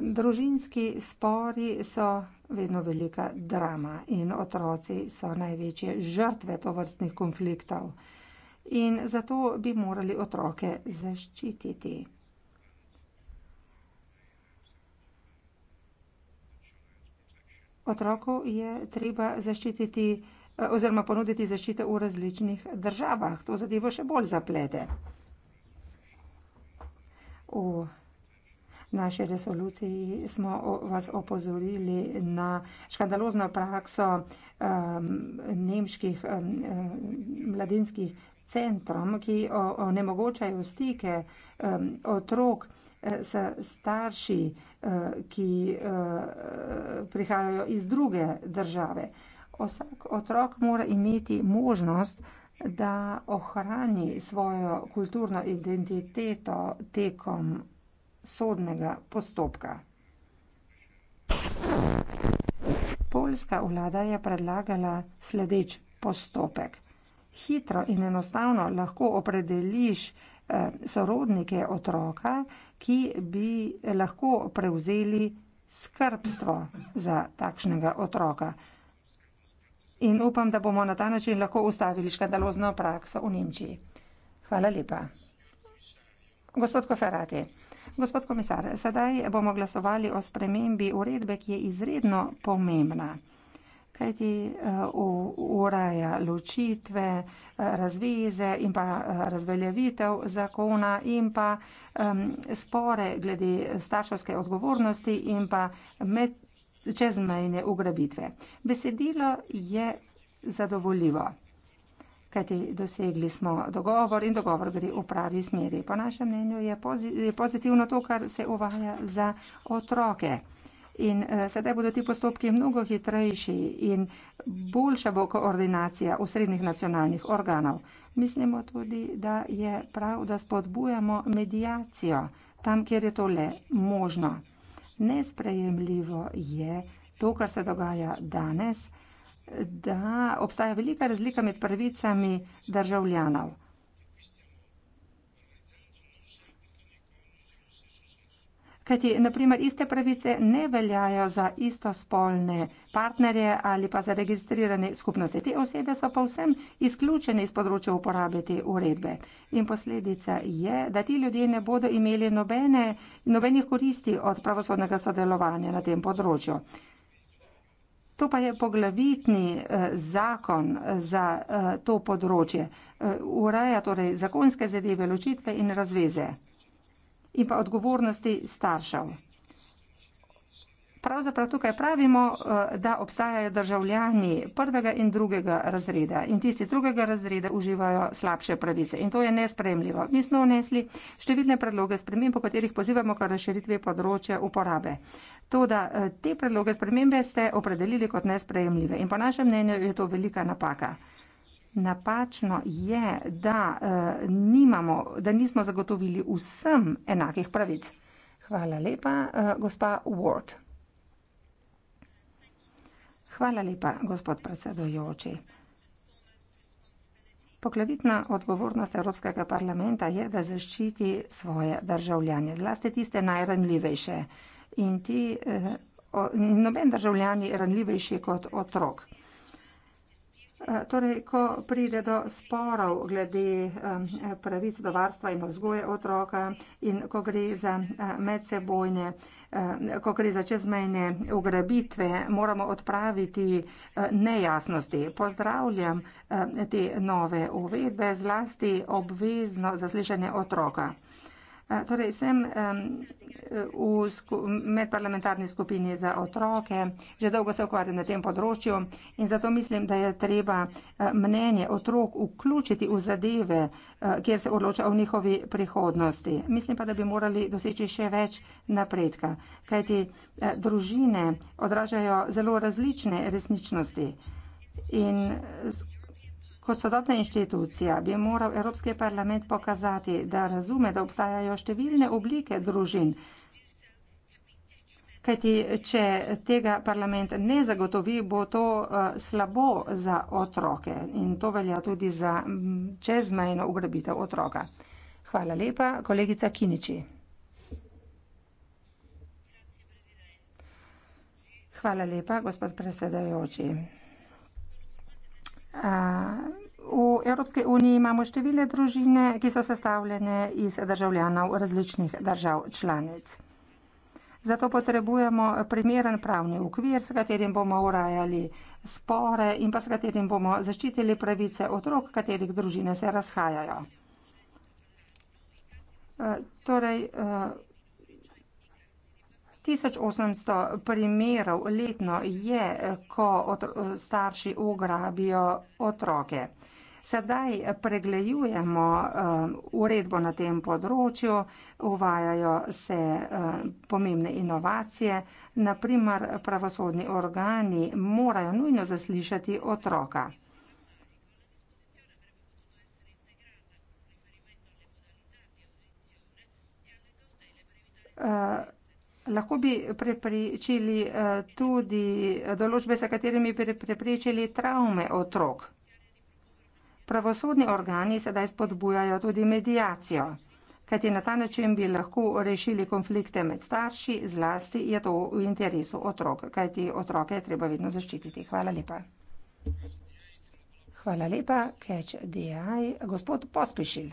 Družinski spori so vedno velika drama in otroci so največje žrtve tovrstnih konfliktov. In zato bi morali otroke zaščititi. Otroku je treba zaščititi oziroma ponuditi zaščite v različnih državah. To zadevo še bolj zaplete. V naši resoluciji smo vas opozorili na škandalozno prakso um, nemških um, um mladinskih centrom, ki onemogočajo stike um, otrok eh, s starši, eh, ki eh, prihajajo iz druge države. Vsak otrok mora imeti možnost, da ohrani svojo kulturno identiteto tekom sodnega postopka. Poljska vlada je predlagala sledeč postopek. Hitro in enostavno lahko opredeliš eh, sorodnike otroka, ki bi lahko prevzeli skrbstvo za takšnega otroka. In upam, da bomo na ta način lahko ustavili škandalozno prakso v Nemčiji. Hvala lepa. Gospod Koferati. Gospod komisar, sedaj bomo glasovali o spremembi uredbe, ki je izredno pomembna. Kajti eh, ureja ločitve, eh, razveze in pa eh, razveljavitev zakona in pa spore glede starševske odgovornosti in pa med, čezmejne ugrabitve. Besedilo je zadovoljivo kajti dosegli smo dogovor in dogovor gre v pravi smeri. Po našem mnenju je, pozit je pozitivno to, kar se uvaja za otroke. In eh, sedaj bodo ti postopki mnogo hitrejši in boljša bo koordinacija osrednjih nacionalnih organov. Mislimo tudi, da je prav, da spodbujamo medijacijo tam, kjer je to le možno. Nesprejemljivo je to, kar se dogaja danes da obstaja velika razlika med pravicami državljanov. Kajti, naprimer, iste pravice ne veljajo za istospolne partnerje ali pa za registrirane skupnosti. Te osebe so pa vsem izključene iz področja uporabe te uredbe. In posledica je, da ti ljudje ne bodo imeli nobene, nobenih koristi od pravosodnega sodelovanja na tem področju. To pa je poglavitni eh, zakon eh, za eh, to področje. Ureja torej zakonske zadeve, ločitve in razveze. In pa odgovornosti staršev. Pravzaprav tukaj pravimo, eh, da obstajajo državljani prvega in drugega razreda in tisti drugega razreda uživajo slabše pravice in to je nespremljivo. Mi smo vnesli številne predloge sprememb, po katerih pozivamo k razširitvi področja uporabe. To, da eh, te predloge spremembe ste opredelili kot nespremljive in po našem mnenju je to velika napaka. Napačno je, da, eh, nimamo, da nismo zagotovili vsem enakih pravic. Hvala lepa, gospa Ward. Hvala lepa, gospod predsedujoči. Poglavitna odgovornost Evropskega parlamenta je, da zaščiti svoje državljane, zlasti tiste najranljivejše. In ti, eh, in noben državljan ni ranljivejši kot otrok. Eh, torej, ko pride do sporov glede eh, pravic do varstva in vzgoje otroka in ko gre za eh, medsebojne, ko gre za čezmejne ugrabitve, moramo odpraviti nejasnosti. Pozdravljam te nove uvedbe, zlasti obvezno zaslišanje otroka. Eh, torej, sem v medparlamentarni skupini za otroke, že dolgo se ukvarjam na tem področju in zato mislim, da je treba eh, mnenje otrok vključiti v zadeve, eh, kjer se odloča o njihovi prihodnosti. Mislim pa, da bi morali doseči še več napredka, kajti družine odražajo zelo različne resničnosti in skupaj. Kot sodobna inštitucija bi moral Evropski parlament pokazati, da razume, da obstajajo številne oblike družin. Kajti, če tega parlament ne zagotovi, bo to eh, slabo za otroke in to velja tudi za čezmejno ugrabitev otroka. Hvala lepa, kolegica Kiniči. Hvala lepa, gospod predsedajoči. V Evropski uniji imamo številne družine, ki so sestavljene iz državljanov različnih držav članic. Zato potrebujemo primeren pravni ukvir, s katerim bomo urajali spore in pa s katerim bomo zaščitili pravice otrok, katerih družine se razhajajo. Torej, eh, 1800 primerov letno je, ko starši ograbijo otroke. Sedaj preglejujemo eh, uredbo na tem področju, uvajajo se eh, pomembne inovacije, naprimer pravosodni organi morajo nujno zaslišati otroka. Uh, Lahko bi preprečili eh, tudi določbe, za katerimi bi preprečili travme otrok. Pravosodni organi sedaj spodbujajo tudi medijacijo, kajti na ta način bi lahko rešili konflikte med starši, zlasti je to v interesu otrok, kajti otroke je treba vedno zaščititi. Hvala lepa. Hvala lepa, Catch the Eye, gospod Pospišil.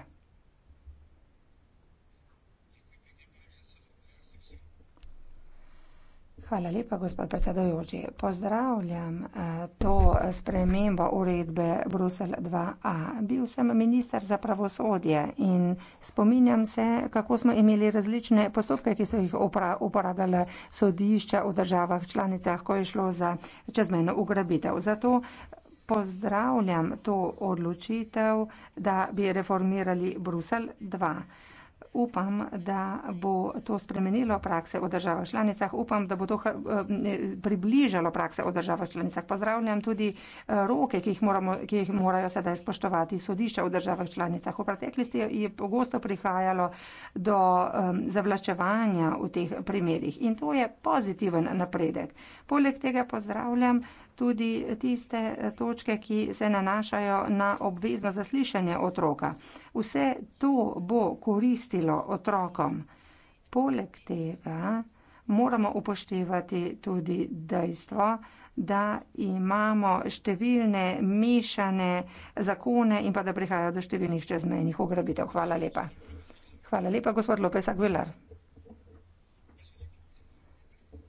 Hvala lepa, gospod predsedujoči. Pozdravljam eh, to spremembo uredbe Brusel 2a. Bil sem minister za pravosodje in spominjam se, kako smo imeli različne postopke, ki so jih uporabljale sodišča v državah članicah, ko je šlo za čezmeno ugrabitev. Zato pozdravljam to odločitev, da bi reformirali Brusel 2 upam, da bo to spremenilo prakse v državah članicah, upam, da bo to eh, približalo prakse v državah članicah. Pozdravljam tudi eh, roke, ki jih, moramo, ki jih morajo sedaj spoštovati sodišča v državah članicah. V preteklosti je pogosto prihajalo do eh, zavlačevanja v teh primerih in to je pozitiven napredek. Poleg tega pozdravljam tudi tiste eh, točke, ki se nanašajo na obvezno zaslišanje otroka. Vse to bo koristilo otrokom. Poleg tega moramo upoštevati tudi dejstvo, da imamo številne mešane zakone in pa da prihaja do številnih čezmejnih ugrabitev. Hvala lepa. Hvala lepa, gospod Lopes Aguilar.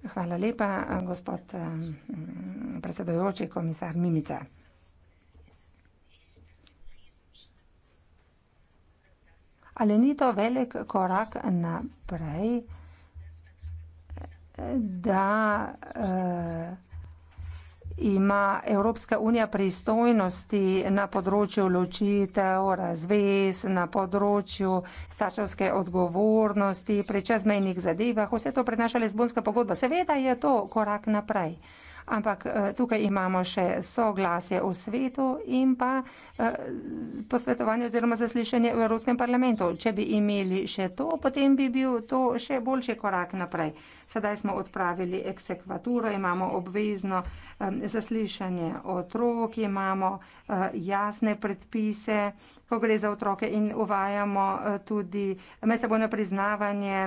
Hvala lepa, gospod mm, predsedojoči komisar Mimica. Ali ni to velik korak naprej, da eh, ima Evropska unija pristojnosti na področju ločitev, razvez, na področju starševske odgovornosti, pri čezmejnih zadevah, vse to prenaša Lizbonska pogodba. Seveda je to korak naprej ampak eh, tukaj imamo še soglasje v svetu in pa eh, posvetovanje oziroma zaslišanje v Evropskem parlamentu. Če bi imeli še to, potem bi bil to še boljši korak naprej. Sedaj smo odpravili eksekvaturo, imamo obvezno eh, zaslišanje otrok, imamo jasne predpise, ko gre za otroke in uvajamo tudi medsebojno priznavanje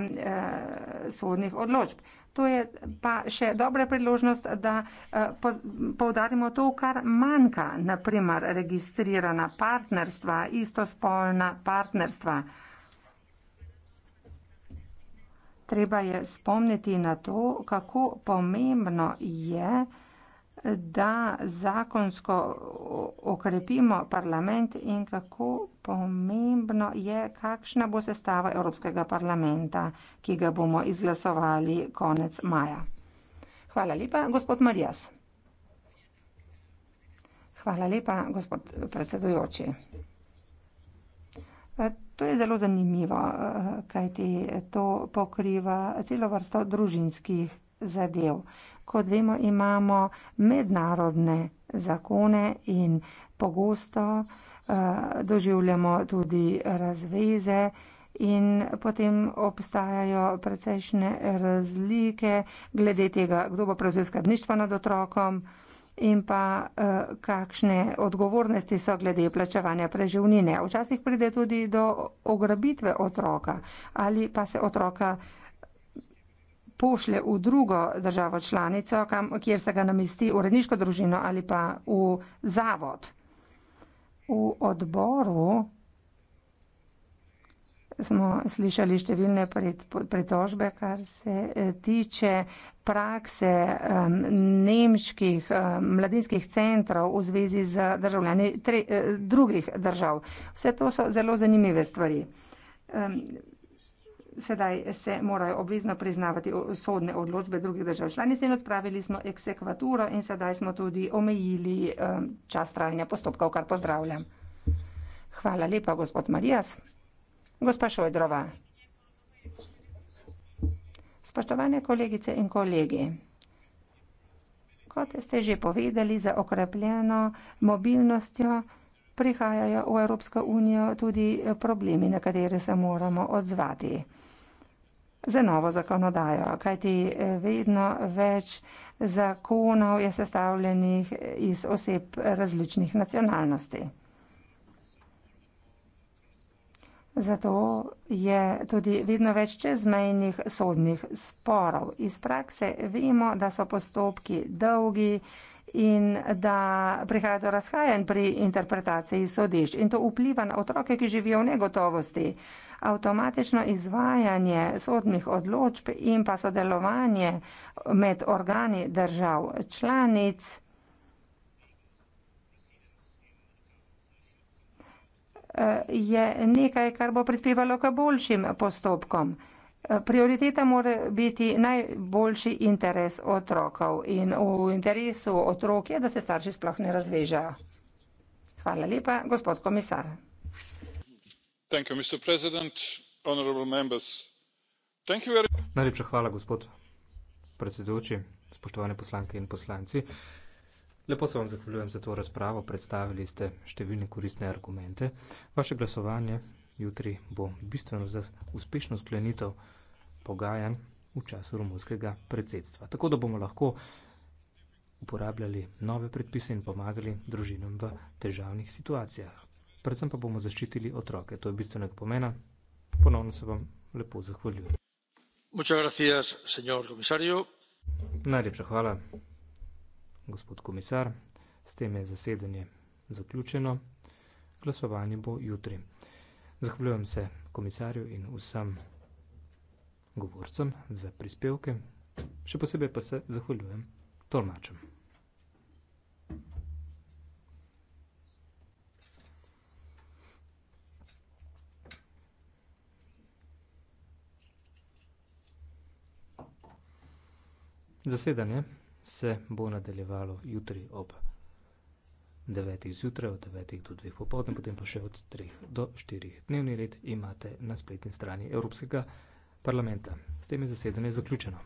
sodnih odločb. To je pa še dobra priložnost, da eh, povdarimo to, kar manjka, naprimer registrirana partnerstva, istospolna partnerstva. Treba je spomniti na to, kako pomembno je, da zakonsko okrepimo parlament in kako pomembno je, kakšna bo sestava Evropskega parlamenta, ki ga bomo izglasovali konec maja. Hvala lepa, gospod Marijas. Hvala lepa, gospod predsedujoči. To je zelo zanimivo, kajti to pokriva celo vrsto družinskih zadev. Kot vemo, imamo mednarodne zakone in pogosto eh, doživljamo tudi razveze in potem obstajajo precejšnje razlike glede tega, kdo bo prevzel skrbništvo nad otrokom in pa eh, kakšne odgovornosti so glede plačevanja preživnine. Včasih pride tudi do ograbitve otroka ali pa se otroka pošlje v drugo državo članico, kam, kjer se ga namesti v uredniško družino ali pa v zavod. V odboru smo slišali številne pretožbe, kar se eh, tiče prakse um, nemških um, mladinskih centrov v zvezi z državljani tre, eh, drugih držav. Vse to so zelo zanimive stvari. Um, sedaj se morajo obvezno priznavati sodne odločbe drugih držav članic in odpravili smo eksekvaturo in sedaj smo tudi omejili čas trajanja postopkov, kar pozdravljam. Hvala lepa, gospod Marijas. Gospa Šojdrova. Spoštovane kolegice in kolegi. Kot ste že povedali, za okrepljeno mobilnostjo prihajajo v Evropsko unijo tudi problemi, na katere se moramo odzvati za novo zakonodajo, kajti eh, vedno več zakonov je sestavljenih iz oseb različnih nacionalnosti. Zato je tudi vedno več čezmejnih sodnih sporov. Iz prakse vemo, da so postopki dolgi in da prihaja do razhajanj pri interpretaciji sodišč. In to vpliva na otroke, ki živijo v negotovosti avtomatično izvajanje sodnih odločb in pa sodelovanje med organi držav članic. Eh, je nekaj, kar bo prispevalo k boljšim postopkom. Eh, prioriteta mora biti najboljši interes otrokov in v interesu otrok je, da se starši sploh ne razvežajo. Hvala lepa, gospod komisar mr president honourable members najlepša hvala gospod predsedujoči spoštovane poslanke in poslanci lepo se vam zahvaljujem za to razpravo predstavili ste številne koristne argumente vaše glasovanje jutri bo bistveno za uspešno sklenitev pogajanj v času romunskega predsedstva tako da bomo lahko uporabljali nove predpise in pomagali družinam v težavnih situacijah predvsem pa bomo zaščitili otroke. To je bistvenega pomena. Ponovno se vam lepo zahvaljujem. Muchas gracias, señor comisario. Najlepša hvala, gospod komisar. S tem je zasedanje zaključeno. Glasovanje bo jutri. Zahvaljujem se komisarju in vsem govorcem za prispevke. Še posebej pa se zahvaljujem tolmačem. Zasedanje se bo nadaljevalo jutri ob 9. zjutraj, od 9. do 2. popoldne, potem pa še od 3. do 4. dnevni red imate na spletni strani Evropskega parlamenta. S tem je zasedanje zaključeno.